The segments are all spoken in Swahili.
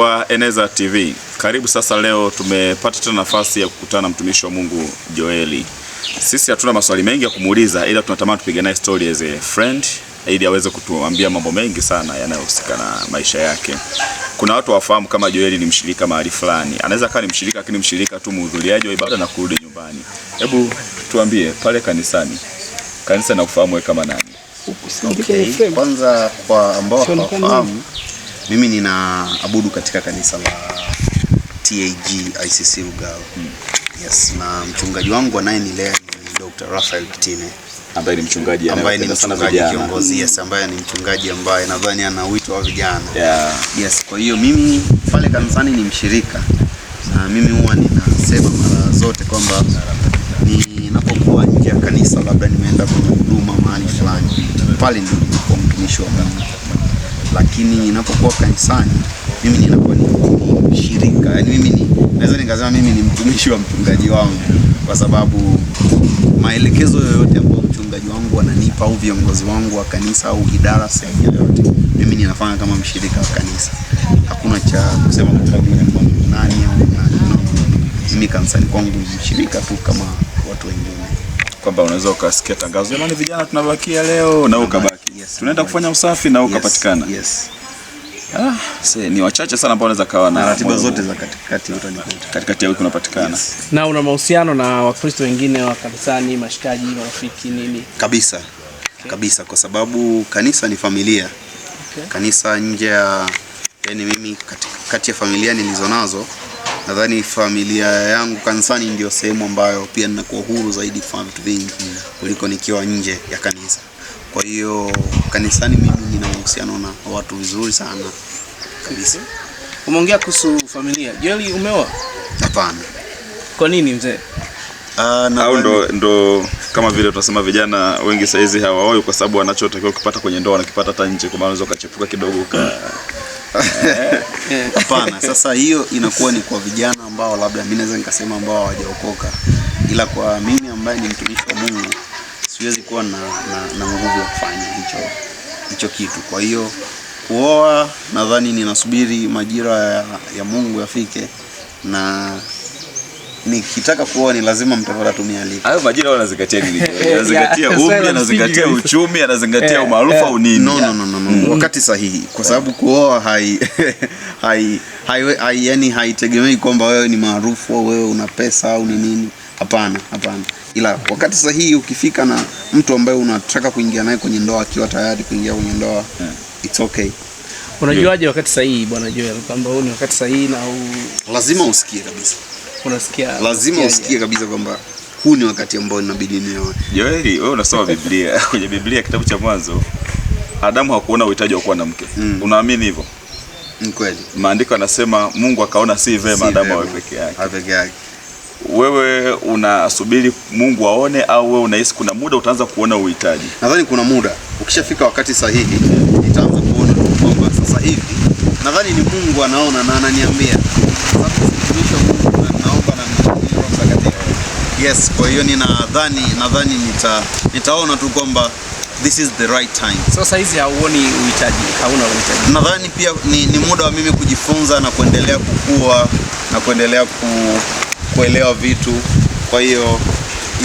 kwa Eneza TV. Karibu sasa. Leo tumepata tena nafasi ya kukutana na mtumishi wa Mungu Joeli. Sisi hatuna maswali mengi ya kumuuliza, ila tunatamani tupige naye story as a friend, ili aweze kutuambia mambo mengi sana yanayohusika na maisha yake. Kuna watu wafahamu kama Joeli ni mshirika mahali fulani, anaweza akawa ni mshirika, lakini mshirika tu mhudhuriaji wa ibada na kurudi nyumbani. Hebu tuambie pale kanisani, kanisa na kufahamu wewe kama nani? Okay. Kwanza kwa ambao hawafahamu mimi ninaabudu katika kanisa la TAG ICC Lugalo. Hmm. Yes, na mchungaji wangu anayenilea ni Dr. Rafael Kitine ambaye ni mchungaji ambaye ni mchungaji kiongozi, yes, ambaye ni mchungaji ambaye nadhani ana wito wa vijana. Yeah. Yes, kwa hiyo mimi pale kanisani ni mshirika na mimi huwa ninasema mara zote kwamba ninapokuwa nje ya kanisa, labda nimeenda kwenye huduma mahali fulani, pale ndio ninakuwa mtumishi wa Mungu lakini ninapokuwa kanisani mimi ninakuwa ni mshirika, yaani mimi ni naweza nikasema mimi ni mtumishi wa mchungaji wangu, kwa sababu maelekezo yoyote ambayo mchungaji wangu ananipa au viongozi wangu wa kanisa au idara sehemu yoyote, mimi ninafanya kama mshirika wa kanisa. Hakuna cha kusema nani au mimi kanisani kwangu mshirika tu kama watu wengine, kwamba unaweza ukasikia tangazo, jamani, vijana tunabakia leo na ukabaki tunaenda kufanya usafi na ukapatikana. yes, yes. Ah, ni wachache sana ambao wanaweza kawa na ratiba zote za katikati katikati ya wiki unapatikana. yes. na una mahusiano na Wakristo wengine wa kanisani, mashikaji, marafiki nini? Kabisa. Okay. Kabisa kwa sababu kanisa ni familia. Okay. Kanisa nje ya yani, mimi kati ya familia nilizonazo nadhani familia yangu kanisani ndio sehemu ambayo pia ninakuwa huru zaidi kufanya vitu vingi mm. kuliko nikiwa nje ya kanisa. Kwa hiyo kanisani mimi nina uhusiano na watu vizuri sana kabisa. Umeongea kuhusu familia. Joel, umeoa? Hapana. Kwa nini mzee? Ah, Au ndo, ndo kama vile tunasema vijana wengi saizi hawaoi kwa sababu wanachotakiwa kupata kwenye ndoa wanakipata hata nje, kwa maana unaweza ukachepuka kidogo ka eh, eh. Hapana. Sasa hiyo inakuwa ni kwa vijana ambao labda mimi naweza nikasema ambao hawajaokoka, ila kwa mimi ambaye ni mtumishi wa Mungu siwezi kuwa na, na, na nguvu ya kufanya hicho hicho kitu. Kwa hiyo kuoa, nadhani ninasubiri majira ya, ya Mungu yafike, na nikitaka kuoa ni lazima mtapata tumia lipi. Hayo majira anazingatia nini? Anazingatia umri, anazingatia uchumi, anazingatia umaarufu au nini? No, no, no, no, no. Mm. Wakati sahihi, kwa sababu kuoa hai, hai hai hai yani haitegemei kwamba wewe ni maarufu au wewe una pesa au ni nini. Hapana, hapana ila wakati sahihi ukifika na mtu ambaye unataka kuingia naye kwenye ndoa akiwa tayari kuingia kwenye ndoa yeah. Hmm. It's okay. Unajuaje wakati sahihi Bwana Joel kwamba huu ni wakati sahihi na u... lazima usikie kabisa, unasikia lazima usikie kabisa kwamba huu ni wakati ambao inabidi niwe. Joel, wewe unasoma Biblia kwenye Biblia kitabu cha Mwanzo Adamu hakuona uhitaji wa kuwa na mke mm. Unaamini hivyo? Ni kweli. Maandiko anasema Mungu akaona si vema Adamu awe peke yake wewe unasubiri Mungu aone au wewe unahisi kuna muda utaanza kuona uhitaji? Nadhani kuna muda, ukishafika wakati sahihi nitaanza kuona kwamba sasa hivi nadhani ni Mungu anaona na ananiambia, sababu naomba na yes. Kwa hiyo ninadhani nadhani nita nitaona tu kwamba this is the right time. So sasa hizi hauoni uhitaji, hauna uhitaji. Nadhani pia ni, ni muda wa mimi kujifunza na kuendelea kukua na kuendelea ku kuelewa vitu, kwa hiyo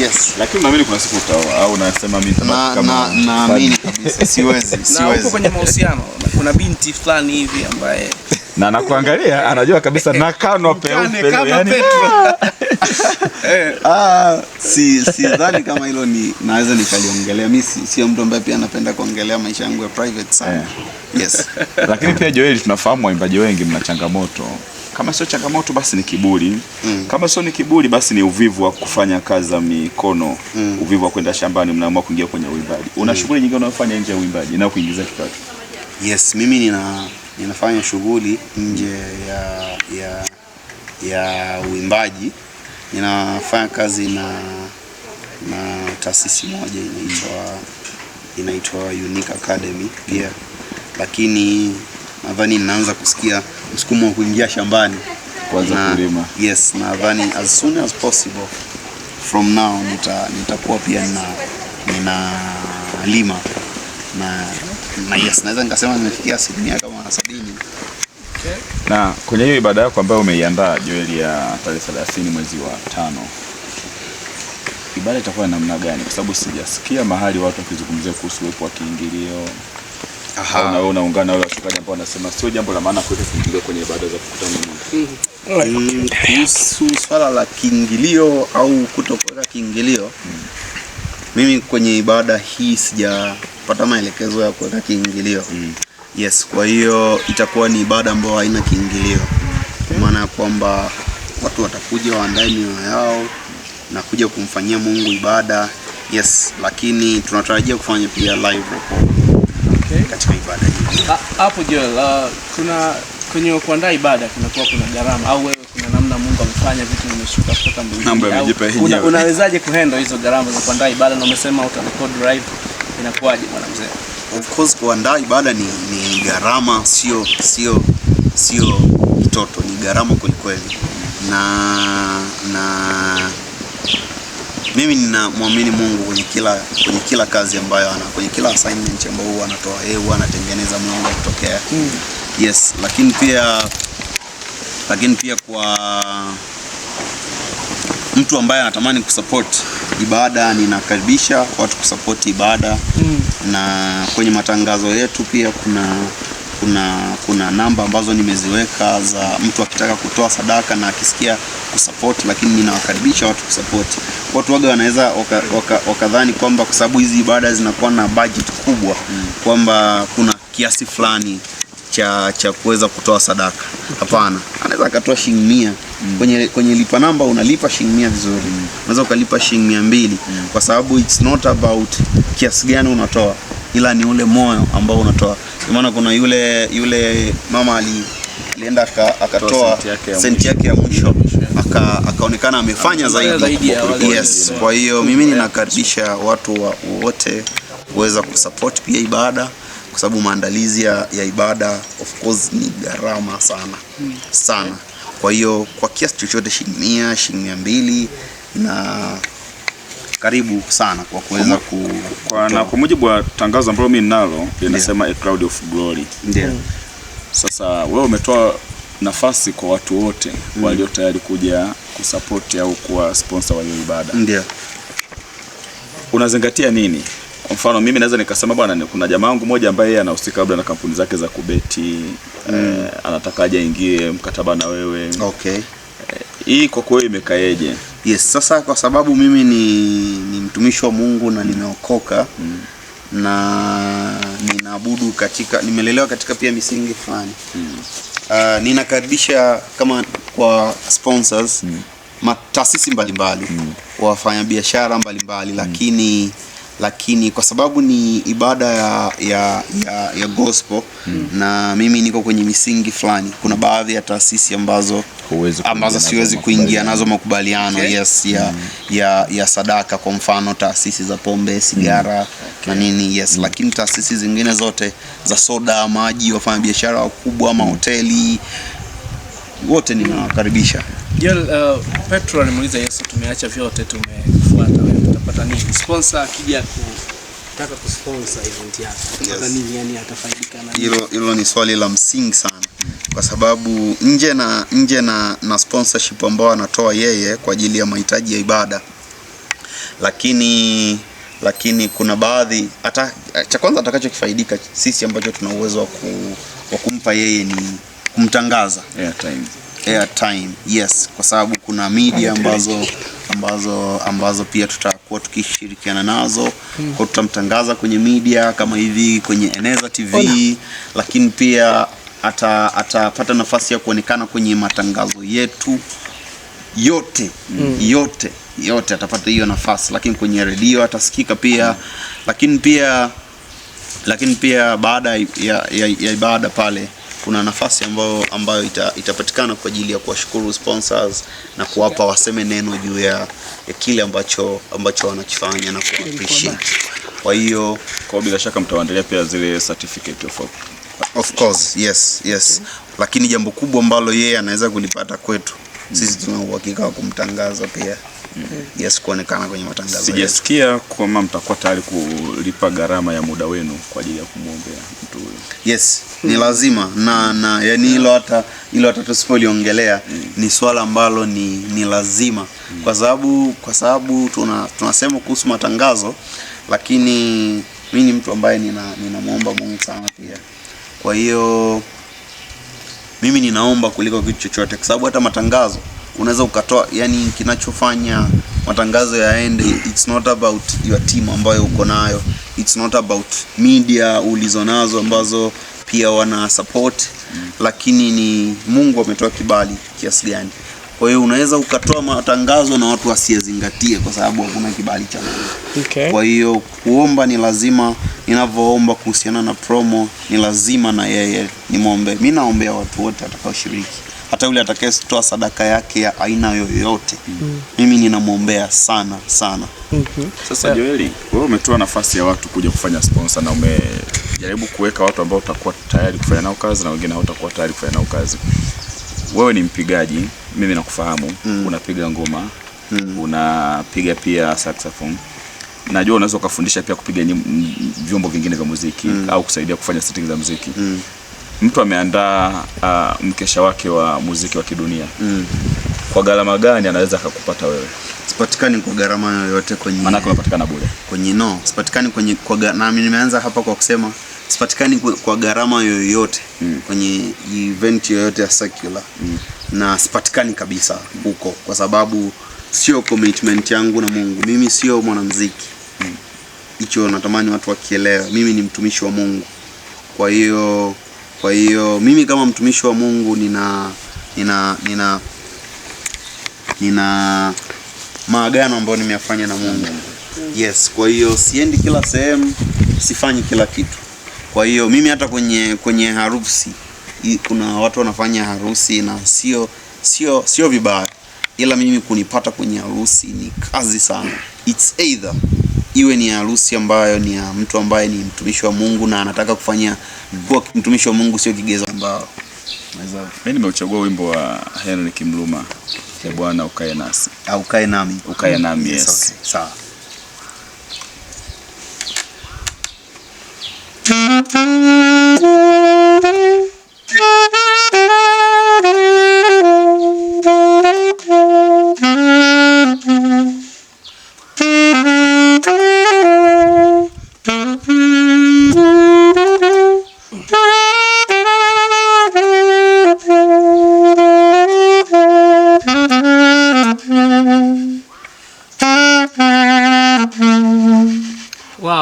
Yes. Lakini naamini kuna siku utaoa au unasema mimi kama na naamini kabisa siwezi siwezi. Na uko kwenye mahusiano kuna binti fulani hivi ambaye na nakuangalia anajua kabisa eh, na kano peupe yani. Ah. Eh. ah, si si dhani kama hilo ni naweza nikaliongelea. Mimi sio mtu ambaye pia anapenda kuongelea maisha yangu ya private sana. Eh. Yes. Lakini pia Joel, tunafahamu waimbaji wengi mna changamoto kama sio changamoto basi ni kiburi mm. Kama sio ni kiburi basi ni uvivu wa kufanya kazi za mikono mm. Uvivu wa kwenda shambani, mnaamua kuingia kwenye uimbaji. Una mm. shughuli nyingine unayofanya nje ya uimbaji na kuingiza kipato? Yes, mimi nina ninafanya shughuli nje ya, ya, ya uimbaji. Ninafanya kazi na, na taasisi moja inaitwa inaitwa Unique Academy pia, mm. lakini nadhani ninaanza kusikia msukumo wa kuingia shambani kuanza kulima. Yes, nadhani as soon as possible from now nitakuwa pia nina lima na, na yes, naweza nikasema nimefikia asilimia kama sabini. Na kwenye hiyo ibada yako ambayo umeiandaa Joel, ya tarehe 30 mwezi wa tano, ibada itakuwa namna gani? Kwa sababu sijasikia mahali watu wakizungumzia kuhusu uwepo wa kiingilio wewe unaungana wale ambao wanasema sio jambo la maana kwetu kuingilia kwenye ibada za kukutana Mungu. Mm-hmm. Mm-hmm. Eh, kuhusu swala la kiingilio au kutokuweka kiingilio mm-hmm. mimi kwenye ibada hii sijapata maelekezo ya kuweka kiingilio mm. Yes, kwa hiyo itakuwa ni ibada ambayo haina kiingilio kwa maana ya kwamba watu watakuja waandae mioyo yao na kuja kumfanyia Mungu ibada. Yes, lakini tunatarajia kufanya pia live katika ibada hii. Ah, hapo Joel, kuna kwenye kuandaa ibada kunakuwa kuna gharama au wewe kuna namna Mungu amefanya vitu vimeshuka kutoka mbinguni. Una, unawezaje kuhandle hizo gharama za kuandaa ibada na umesema record drive inakuwaje bwana mzee? Of course kuandaa ibada ni, ni gharama sio sio sio mtoto, ni gharama kweli kweli na na mimi ninamwamini Mungu kwenye kila kwenye kila kazi ambayo ana kwenye kila assignment ambayo huwa anatoa yeye, huwa anatengeneza Mungu kutokea Mm. Yes, lakini pia lakini pia kwa mtu ambaye anatamani kusupport ibada, ninakaribisha watu kusupport ibada. Mm. Na kwenye matangazo yetu pia kuna kuna, kuna namba ambazo nimeziweka za mtu akitaka kutoa sadaka na akisikia kusupport, lakini ninawakaribisha watu kusupport. Watu waga wanaweza wakadhani kwamba kwa sababu hizi ibada zinakuwa na budget kubwa mm. kwamba kuna kiasi fulani cha, cha kuweza kutoa sadaka. Hapana, anaweza akatoa shilingi mia mm. Kwenye, kwenye lipa namba unalipa shilingi mia vizuri mm. Unaweza ukalipa shilingi mia mbili mm. Kwa sababu it's not about kiasi gani unatoa ila ni ule moyo ambao unatoa. Maana kuna yule yule mama ali alienda akatoa senti yake ya mwisho aka, akaonekana amefanya zaidi. Yes, kwa hiyo mimi ninakaribisha watu wote kuweza kusupport pia ibada kwa sababu maandalizi ya, ya ibada of course ni gharama sana mm. sana. Kwa hiyo kwa kiasi chochote, shilingi mia, shilingi mia mbili na karibu sana kwa kuweza ku kwa, na kwa mujibu wa tangazo ambalo mimi ninalo linasema a cloud of glory. Ndio. Sasa wewe umetoa nafasi kwa watu wote mm. walio tayari kuja kusapoti au kuwa sponsor wa hiyo ibada. Ndio. Unazingatia nini? Kwa mfano mimi naweza nikasema bwana, kuna jamaa wangu mmoja ambaye yeye anahusika labda na kampuni zake za kubeti mm. eh, anataka aje aingie mkataba na wewe. Okay. Eh, hii kwa kweli imekaeje? Yes, sasa kwa sababu mimi ni, ni mtumishi wa Mungu na nimeokoka mm. na ninaabudu katika, nimelelewa katika pia misingi fulani mm. uh, ninakaribisha kama kwa sponsors mm. mataasisi mbalimbali mm. wafanyabiashara mbalimbali mm. lakini lakini kwa sababu ni ibada ya, ya, ya, ya gospel hmm. na mimi niko kwenye misingi fulani, kuna baadhi ya taasisi ambazo ambazo siwezi kuingia nazo makubaliano okay. yes, ya, hmm. ya, ya sadaka kwa mfano taasisi za pombe, hmm. sigara hmm. okay. na nini yes hmm. lakini taasisi zingine zote za soda, maji, wafanya biashara wakubwa, hmm. mahoteli wote ninawakaribisha. Uh, Petro alimuuliza Yesu, tumeacha vyote tume atapata nini? Sponsor akija kutaka kusponsor event yako atapata nini? Yani atafaidika na hilo? Hilo ni swali la msingi sana kwa sababu nje na nje na, na sponsorship ambao anatoa yeye kwa ajili ya mahitaji ya ibada, lakini lakini kuna baadhi ata, cha kwanza atakachokifaidika sisi ambacho tuna uwezo wa kumpa yeye ni kumtangaza airtime airtime. Yes, kwa sababu kuna media ambazo ambazo ambazo pia tutakuwa tukishirikiana nazo mm. Kwa tutamtangaza kwenye media kama hivi kwenye Eneza TV Ona. Lakini pia atapata nafasi ya kuonekana kwenye matangazo yetu yote mm. yote yote atapata hiyo nafasi, lakini kwenye redio atasikika pia hmm. lakini pia lakini pia baada ya, ya, ya ibada pale kuna nafasi ambayo, ambayo ita, itapatikana kwa ajili ya kuwashukuru sponsors na kuwapa waseme neno juu ya, ya kile ambacho, ambacho wanakifanya na ku appreciate. Kwa hiyo kwa bila shaka mtawaandalia pia zile certificate of Of course, yes, yes. Okay. Lakini jambo kubwa ambalo yeye anaweza kulipata kwetu sisi tuna uhakika wa kumtangaza pia mm. Yes, kuonekana kwenye matangazo. Sijasikia kama mtakuwa tayari kulipa gharama ya muda wenu kwa ajili ya kumwombea mtu huyo. Yes, mm. Ni lazima na na yani hilo yeah. Hata hilo hata tusipoliongelea mm. Ni swala ambalo ni, ni lazima mm. Kwa sababu kwa sababu tuna tunasema kuhusu matangazo, lakini mi ni mtu ambaye ninamwomba nina Mungu sana pia, kwa hiyo mimi ninaomba kuliko kitu chochote, kwa sababu hata matangazo unaweza ukatoa, yani kinachofanya matangazo yaende, it's not about your team ambayo uko nayo, it's not about media ulizonazo ambazo pia wana support mm. Lakini ni Mungu ametoa kibali kiasi gani. Kwa hiyo unaweza ukatoa matangazo na watu wasiyezingatie, kwa sababu hakuna kibali cha Mungu okay. Kwa hiyo kuomba ni lazima ninavyoomba kuhusiana na promo, ni lazima na yeye nimwombee. Mi naombea watu wote watakaoshiriki, hata yule atakayetoa sadaka yake ya aina yoyote mm. mimi ninamwombea sana sana. mm -hmm. Sasa yeah. Joeli, wewe umetoa nafasi ya watu kuja kufanya sponsor na umejaribu kuweka watu ambao utakuwa tayari kufanya nao kazi na wengine hautakuwa tayari kufanya nao kazi. Wewe ni mpigaji, mimi nakufahamu mm. unapiga ngoma mm. unapiga pia saxophone najua unaweza ukafundisha pia kupiga vyombo vingine vya muziki mm. au kusaidia kufanya setting za muziki mm. Mtu ameandaa uh, mkesha wake wa muziki wa kidunia mm. kwa gharama gani anaweza akakupata wewe? Sipatikani kwa gharama yoyote kwenye, maanake unapatikana bure kwenye no, sipatikani kwenye kwa na nimeanza hapa kwa kusema sipatikani kwa gharama yoyote mm. kwenye event yoyote ya secular mm. na sipatikani kabisa huko, kwa sababu sio commitment yangu na Mungu. Mimi sio mwanamuziki hicho natamani watu wakielewe. Mimi ni mtumishi wa Mungu, kwa hiyo kwa hiyo mimi kama mtumishi wa Mungu nina nina nina nina maagano ambayo nimeyafanya na Mungu. Yes, kwa hiyo siendi kila sehemu, sifanyi kila kitu. Kwa hiyo mimi hata kwenye kwenye harusi kuna watu wanafanya harusi na sio sio sio vibaya, ila mimi kunipata kwenye harusi ni kazi sana. It's either iwe ni harusi ambayo ni ya mtu ambaye ni mtumishi wa Mungu na anataka kufanya kuwa mtumishi wa Mungu, sio kigezo ambao mimi nimeuchagua wimbo wa Henry Kimluma ya Bwana ukae nasi au ah, ukae nami, ukae nami. Yes, Okay. Sawa.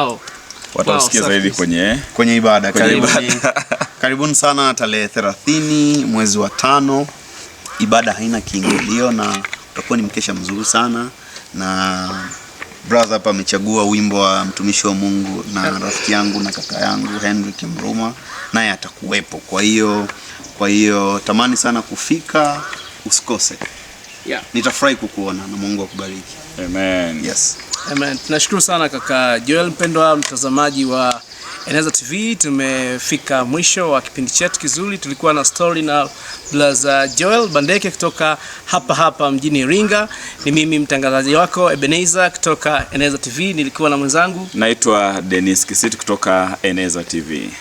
wow. Watasikia wow, zaidi kwenye kwenye ibada. Karibuni, karibu sana tarehe 30 mwezi wa tano. Ibada haina kiingilio na utakuwa ni mkesha mzuri sana na brother hapa amechagua wimbo wa mtumishi wa Mungu na rafiki yangu na kaka yangu Henrik Mruma naye atakuwepo. Kwa hiyo kwa hiyo tamani sana kufika, usikose. Yeah. Nitafurahi kukuona na Mungu akubariki. Amen. Yes. Amen. Tunashukuru sana kaka Joel. Mpendwa mtazamaji wa Eneza TV, tumefika mwisho wa kipindi chetu kizuri. Tulikuwa na story na blaza Joel Bandeke kutoka hapa hapa mjini Iringa. Ni mimi mtangazaji wako Ebenezer kutoka Eneza TV, nilikuwa na mwenzangu naitwa Dennis Kisit kutoka Eneza TV.